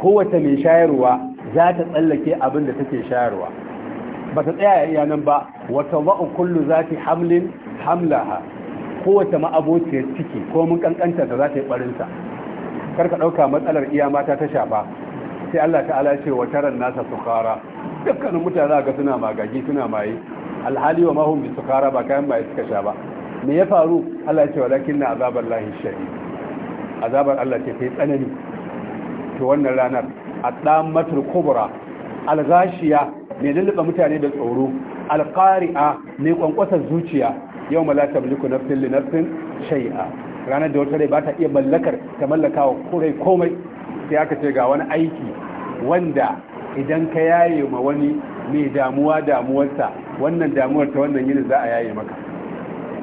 kowace mai shayarwa za ta tsallake abin da take shayarwa ba ta tsaya iya nan ba wata wa'u kullu zati hamlin hamlaha kowace ma'abociyar ciki ko mun kankanta da za ta yi barinsa ka ɗauka matsalar iya mata ta shafa sai Allah ta'ala ce wa taran nasa sukara dukkanin mutane ga suna magagi suna maye alhali wa mahum bisu kara ba kayan maye suka sha ba me ya faru Allah ya ce walakin na azabar lahi shari azabar Allah ce sai tsanani to wannan ranar adamatul kubra alghashiya ne lulluɓa mutane da tsoro alqari'a ne kwankwasar zuciya yau ma la tamliku nafsin li nafsin shay'a ranar da wata rai ba ta iya mallakar ta mallaka wa kurai komai sai aka ce ga wani aiki wanda idan ka yaye ma wani mai damuwa damuwarsa wannan damuwar ta wannan yini za a yaye maka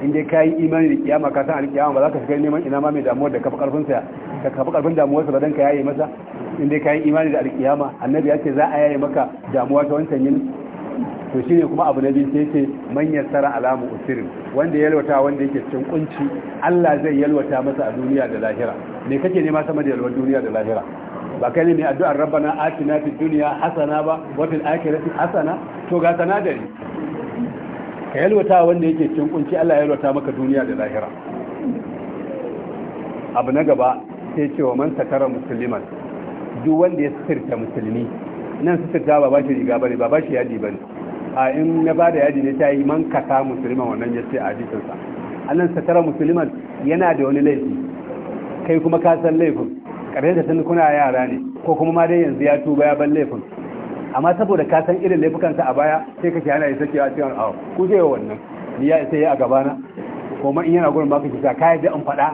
inda ka yi imanin da kiyama ka san alkiyama ba za ka shiga neman ina ma mai damuwar da kafa karfin sa ka kafa karfin damuwarsa ba dan ka yaye masa inda ka yi imani da alkiyama annabi ya ce za a yaye maka damuwa ta wancan yini to shine kuma abu na biyu sai ce manyan sara alamu usirin wanda yalwata wanda yake cikin kunci Allah zai yalwata masa a duniya da lahira me kake nema sama da yalwar duniya da lahira ba kai ne mai addu'ar rabbana atina fi duniya hasana ba wa fil akhirati hasana to ga sanadari ka yalwata wanda yake cin kunci Allah ya yalwata maka duniya da lahira abu na gaba sai cewa man sakara musulman, duk wanda ya sirta musulmi nan sirta ba ba shi riga ne ba ba shi yadi ne. a in na ba da yadi ne ta yi man kasa musulman wannan ya ce a hadisinsa annan satara musulman yana da wani laifi kai kuma ka san laifin karfe da sun kuna yara ne ko kuma ma dai yanzu ya tuba ya ban laifin amma saboda ka san irin laifukansa a baya sai ke hana ya sake a cewa a ku wa wannan ni ya isa ya a gabana ko in yana gurin baka kisa ka yadda an faɗa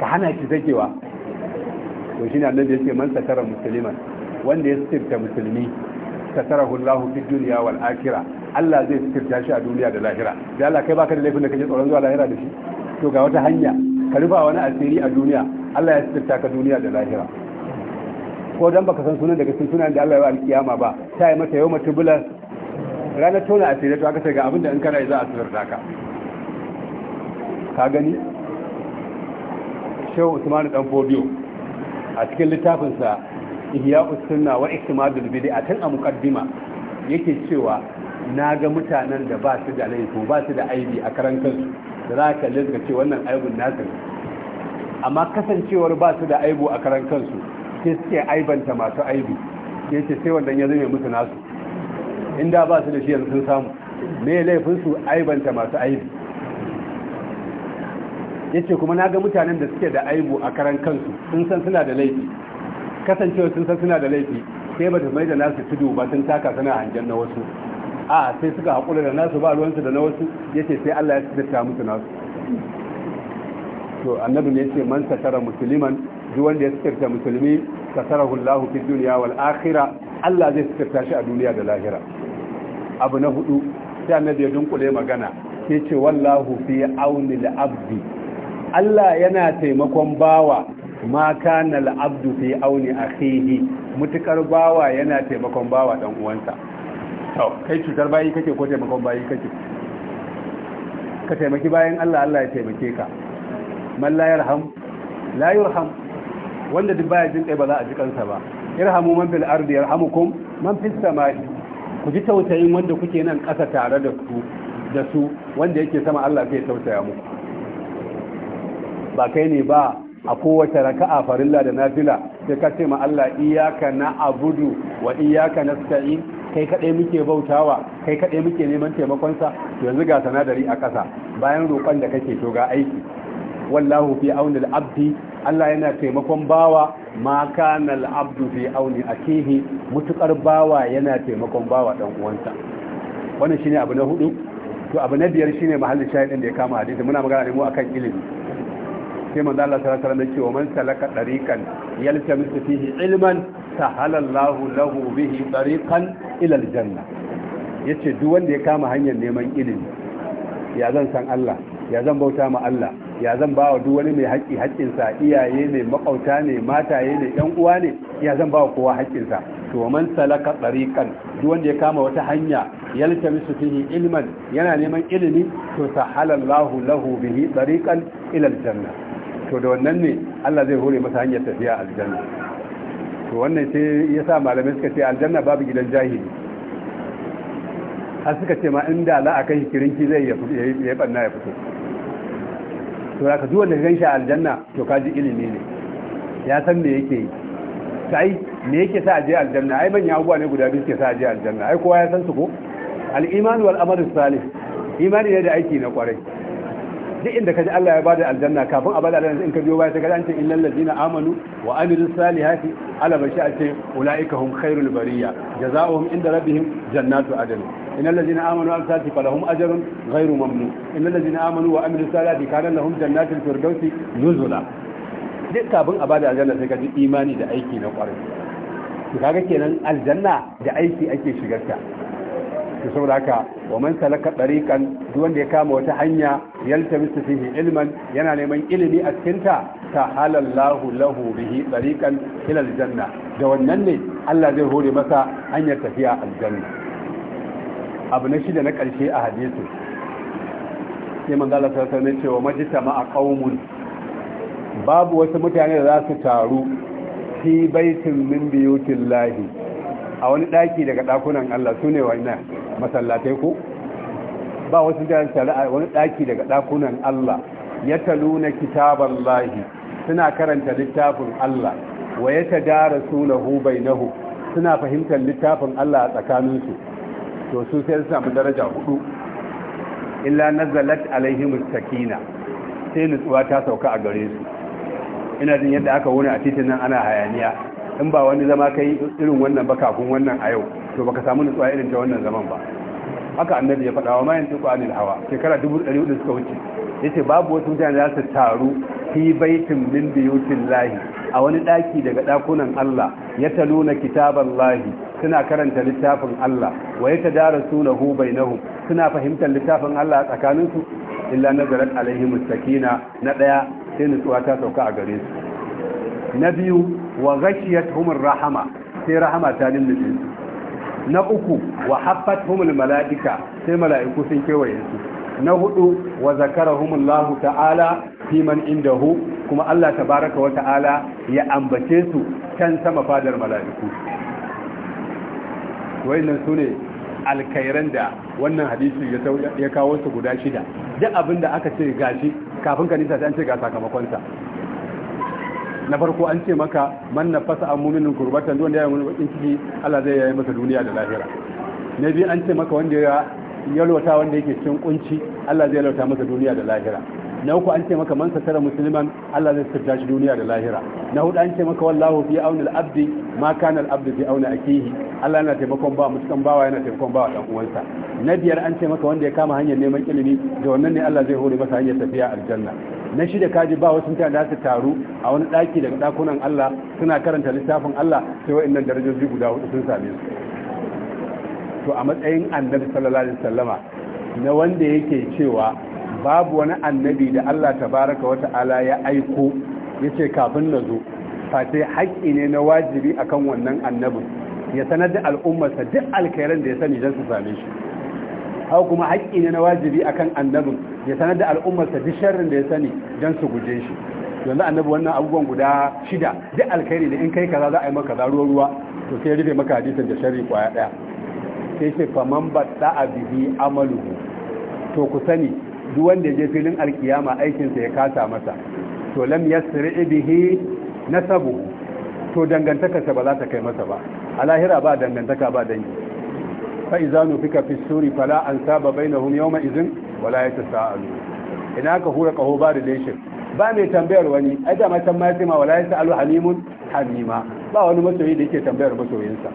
ka hana shi sakewa to shine annabi yake man satara musliman wanda ya sirta musulmi satarahu Allahu fi dunya wal akhirah Allah zai sirta shi a duniya da lahira dan Allah kai baka da laifin da kake tsoron zuwa lahira da shi to ga wata hanya ka rufa wani asiri a duniya Allah ya sitarta ka duniya da lahira ko dan baka san sunan daga cikin sunan da Allah ya wa kiyama ba ta yi mata yawma tubulan ranar tona a tsere to aka sai ga abinda in kana za a sitarta ka ka gani shehu usmanu dan fodiyo a cikin littafinsa ihya usunna wa ihtimadul bid'a tun a muqaddima yake cewa na ga mutanen da ba su da laifi ba su da aibi a karan kansu da za ka lizga ce wannan aibin nasu amma kasancewar ba su da aibu a karan kansu sai suke aibanta masu aibu ya ce sai wannan ya zame mutu nasu inda ba su da shi yanzu sun samu me laifin su aibanta masu aibu ce kuma na ga mutanen da suke da aibu a karan kansu sun san suna da laifi Kasancewar sun san suna da laifi sai ba ta mai da nasu tudu ba sun taka suna hangen na wasu a sai suka haƙura da nasu ba ruwansu da na wasu ya ce sai Allah ya ta mutu nasu to annabi ne ce man satara musliman duk wanda ya sitarta musulmi satara Allah fi dunya wal akhira Allah zai sitarta shi a duniya da lahira abu na hudu sai annabi ya dunkule magana sai ce wallahu fi auni al abdi Allah yana taimakon bawa ma kana al abdu fi auni akhihi mutukar bawa yana taimakon bawa dan uwansa to kai cutar bayi kake ko taimakon bayi kake ka taimaki bayan Allah Allah ya taimake ka man la yarham la yarham wanda duk baya jin kai ba za a ji kansa ba irhamu man fil ardi yarhamukum man fis samai ku ji tausayin wanda kuke nan kasa tare da su da su wanda yake sama Allah zai tausaya muku ba kai ne ba a kowace raka'a farilla da nafila sai ka ce ma Allah iyyaka na'budu wa iyyaka nasta'in kai kadai muke bautawa kai kadai muke neman taimakon sa yanzu ga sanadari a ƙasa bayan roƙon da kake to aiki wallahu fi auni al-abdi Allah yana taimakon bawa ma kana al-abdu fi auni akihi mutukar bawa yana taimakon bawa dan uwansa wannan shine abu na hudu to abu na biyar shine mahallin shahidin da ya kama hadisi muna magana ne mu akan ilimi sai manzo Allah sallallahu alaihi wasallam ya ce wa man salaka tariqan yaltamisu fihi ilman sahala Allahu lahu bihi tariqan ila al-janna yace duk wanda ya kama hanyar neman ilimi ya zan san Allah ya zan bauta ma Allah ya zan ba wa duk wani mai haƙƙi haƙƙinsa iyaye ne makauta ne mataye ne ɗan uwa ne ya zan ba wa kowa haƙƙinsa to man salaka ɗariƙan, duk wanda ya kama wata hanya yaltamisu fihi ilman yana neman ilimi to sahalallahu lahu bihi ɗariƙan, ila aljanna to da wannan ne Allah zai hore masa hanyar tafiya aljanna to wannan sai sa malamai suka ce aljanna babu gidan jahili har suka ce ma inda la kai kirinki zai ya banna ya fito to ya ka da gan shi aljanna to ka ji ilimi ne ya san me yake yi sai me yake sa je aljanna ai manyan abubuwa ne guda biyu suke sa je aljanna ai kowa ya san su ko al-iman wal amal salih imani ne da aiki na kwarai duk inda kaji Allah ya bada aljanna kafin a bada aljanna in ka biyo baya sai kaji an ce innal ladina amanu wa amilus salihati ala bashi a ce ulaika hum khairul bariya jazaohum inda rabbihim jannatu adn innal ladina amanu wa amilus salihati falahum ajrun ghairu mamnun innal ladina amanu wa amilus salihati kana lahum jannatul firdausi nuzula duk kafin a bada aljanna sai kaji imani da aiki na kwarai kaga kenan aljanna da aiki ake shigarta to saboda haka wa man salaka tariqan duk wanda ya kama wata hanya yaltamisu fihi ilman yana neman ilimi a cikin ta sahalallahu lahu bihi tariqan ila aljanna da wannan ne Allah zai hore masa hanyar tafiya aljanna abu na shida na karshe a hadisi sai manzo Allah sallallahu alaihi wasallam ce wa majtama qaumun babu wasu mutane da za su taru fi baitin min biyutin lahi a wani daki daga dakunan Allah su sune wannan masallatai ko ba wasu da shari'a wani daki daga dakunan Allah ya yataluna kitaballahi suna karanta littafin Allah wa ya yatadarasunahu bainahu suna fahimtar littafin Allah a tsakaninsu to su sai su samu daraja hudu illa nazalat alaihimus sakina sai nutsuwa ta sauka a gare su ina jin yadda aka wuni a titin nan ana hayaniya in ba wani zama kai irin wannan ba kafin wannan a yau to baka samu nutsuwa irin ta wannan zaman ba haka annabi ya faɗa wa mayan tuku anil hawa shekara 1400 suka wuce yace babu wasu mutane za su taru fi baitin min biyutin lahi a wani daki daga dakunan Allah ya taluna kitaban lahi suna karanta littafin Allah wa ya tadarasunahu bainahum suna fahimtar littafin Allah a su illa nazarat alaihim sakina na daya sai nutsuwa ta sauka a gare su na biyu wa ghashiyat humur rahama sai rahama ta lullube su na uku wa haffat humul mala'ika sai mala'iku sun kewaye su na hudu wa zakarahumullahu ta'ala fi man indahu kuma Allah tabaaraka wa ta'ala ya ambace su kan sama fadar mala'iku wayannan sune alkairan da wannan hadisi ya kawo su guda shida duk abinda aka ce gashi kafin Kanisa sai an ce ga sakamakonsa na farko an ce maka man na fasa an muminin kurbatan wanda ya yi bakin ciki Allah zai yaya masa duniya da lahira na biyu an ce maka wanda ya yalwata wanda yake cin kunci Allah zai yalwata masa duniya da lahira na uku an ce maka man satara musulman Allah zai sirta shi duniya da lahira na hudu an ce maka wallahu fi auni al-abdi ma kana al abdi fi auna akihi Allah yana taimakon ba mutukan bawa yana taimakon bawa dan uwansa na biyar an ce maka wanda ya kama hanyar neman ilimi da wannan ne Allah zai hore masa hanyar tafiya aljanna na shida kaji ba wasu mutane da su taru a wani daki daga dakunan Allah suna karanta littafin Allah sai wa'annan darajoji guda hudu sun same su to a matsayin annabi sallallahu alaihi wasallama na wanda yake cewa babu wani annabi da Allah tabaraka wa ta'ala ya aiko yace kafin na zo fate haƙƙi ne na wajibi akan wannan annabin ya sanar da al'ummarsa duk alkhairan da ya sani don su same shi haka kuma haƙƙi ne na wajibi akan annabin ya sanar da al'ummarsa duk sharrin da ya sani don su guje shi yanzu annabi wannan abubuwan guda shida duk alkhairi da in kai kaza za a yi maka za ruwa ruwa to sai rufe maka hadisin da sharri kwaya daya sai ce faman ba a bihi amaluhu to ku sani duk wanda ya je filin alkiyama aikinsa ya kasa masa to lam yasri bihi nasabu to dangantakarsa ba za ta kai masa ba a lahira ba dangantaka ba dangi fa'iza nufika fi suri fala an saba bainahum yawma izin wala yatasaalu ina ka hura kaho ba relation ba mai tambayar wani ai da matan ma ya ma wala yasalu halimun hamima ba wani masoyi da yake tambayar masoyinsa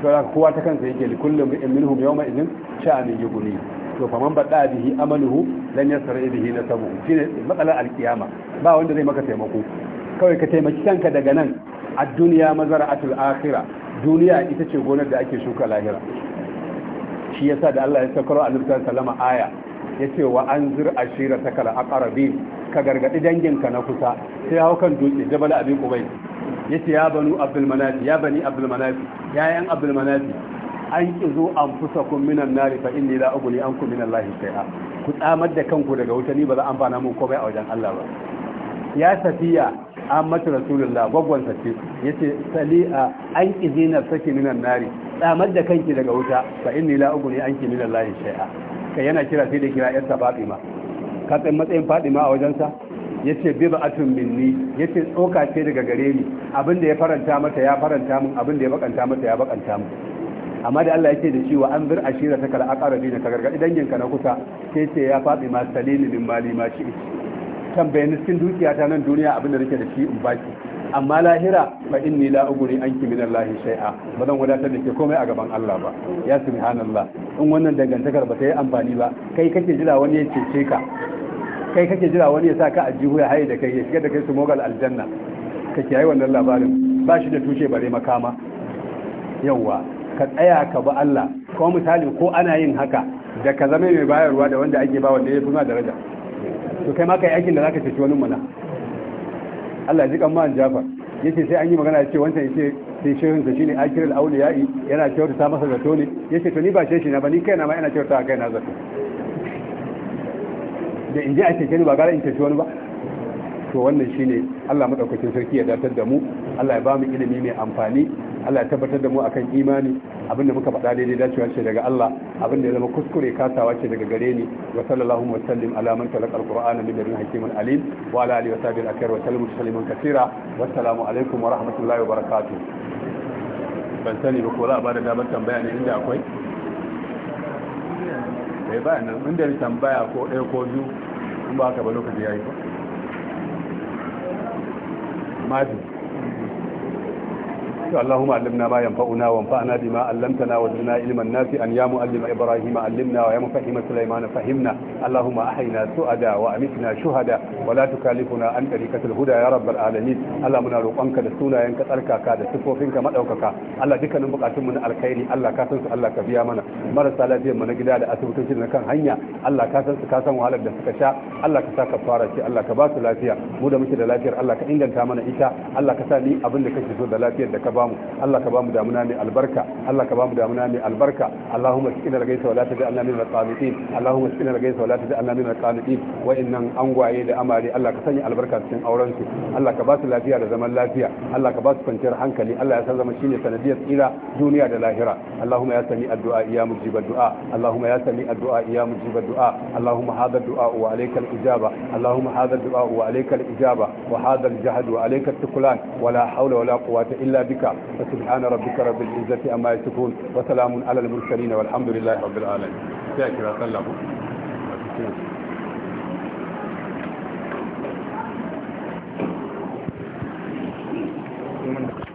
to la kowa ta kansa yake li kullum minhum yawma idhin sha'anin yughni to faman bada bihi amaluhu lan yasra bihi Shi ne matsalar alkiyama ba wanda zai maka taimako kawai ka taimaki kanka daga nan a duniya mazara'atul akhirah duniya ita ce gonar da ake shuka lahira shi yasa da Allah ya sakaro a nufin salama aya ya ce wa an zir ashira ta kala aqrabi ka gargadi danginka na kusa sai hau kan dutse jabal abin kubai ya ce ya banu abdulmanafi ya bani abdul manafi ya yan abdul manafi an ki zo an fusa kun minan nari fa inni la uguni an kun minan lahi shay'a ku tsamar da kanku daga wuta ni ba za an fana mun komai a wajen Allah ba ya safiya An mata rasulullah gwaggon sace yace sali'a an izina saki minan nari tsamar da kanki daga wuta fa inni ne an ƙi minan layin shai'a ka yana kira sai da kira yarsa ma ka tsaye matsayin ma a wajensa ya yace bid'atun minni ce tsoka ce daga gare ni abinda ya faranta mata ya faranta min abinda ya bakanta mata ya bakanta min amma da Allah yake da shi wa an bir ashira ta kala aqrabi na ka gargadi danginka na kusa sai ce ya fatima salimi min mali ma shi tambaye ni cikin dukiya ta nan duniya abin da rike da shi in baki amma lahira fa inni la uguri anki min Allah shay'a ba zan wadatar da ke komai a gaban Allah ba ya subhanallah in wannan dangantakar ba ta yi amfani ba kai kake jira wani ya cece ka kai kake jira wani ya sa a jihu ya haye da kai ya shiga da kai su mogal aljanna ka kiyaye wannan labarin ba shi da tushe bare makama yawwa ka tsaya ka bi Allah ko misali ko ana yin haka da ka zama mai bayarwa da wanda ake ba wanda ya fi ma daraja to kai ma kai aikin da zaka ceci wani mana Allah ji kamar Jafar yace sai an yi magana yace wancan yace sai shehun sa shine akirul awliya'i yana ta masa zato ne yace to ni ba sheshi na ba ni kai na ma ina kai na zato da in je a cece ni ba gara in ceci wani ba to wannan shine Allah madaukakin sarki ya datar da mu Allah ya ba mu ilimi mai amfani Allah ya tabbatar da mu akan imani abinda muka faɗa daidai dacewa ce daga Allah abinda ya zama kuskure kasawa ce daga gare ni wa sallallahu wa sallim ala man talaqa alqur'ana min darin hakimin alim wa ala alihi wa sahbihi akhir wa sallimu katira wa assalamu alaikum wa rahmatullahi wa barakatuh ban sani ba ko za a ba da damar tambaya ne inda akwai bai eh, ba nan inda ni tambaya ko ɗaya ko biyu in ba haka ba lokaci ya yi ba madu to Allahumma allimna ma yanfa'una wanfa'na bima 'allamtana wa zidna ilman nafi'an ya mu'allima ibrahima 'allimna wa ya mufahhima sulaymana fahimna Allahumma ahina su'ada wa amitna shuhada wa la tukallifuna huda ya rabbal alamin Allah muna da da sifofinka madaukaka Allah dukkanin bukatunmu na alkhairi Allah ka san su Allah ka biya mana marasa lafiyar mu na gida da asibitoci na kan hanya Allah ka san su ka san wahalar da suka sha Allah ka saka fara ce Allah ka ba su lafiya mu da muke da lafiyar Allah ka inganta mana ita Allah ka sa ni abin da kake so da lafiyar da ka ba bamu Allah ka bamu damuna mai albarka Allah ka bamu damuna mai albarka Allahumma qanitin Allahumma qanitin wa innan angwaye da amare Allah ka sanya albarka cikin auren su Allah ka lafiya da zaman lafiya Allah ka ba kwanciyar hankali Allah ya san zama shine sanadiyar tsira duniya da lahira Allahumma ya sami addu'a ya mujib addu'a Allahumma ya sami addu'a ya mujib addu'a Allahumma hadha addu'a wa alayka al-ijaba Allahumma hadha wa alayka al-ijaba wa hadha al-jahd wa alayka at-tuklan wa la hawla wa la quwwata illa bika فسبحان ربك رب العزة أما يصفون وسلام على المرسلين والحمد لله رب العالمين شاكرا طلبوا Thank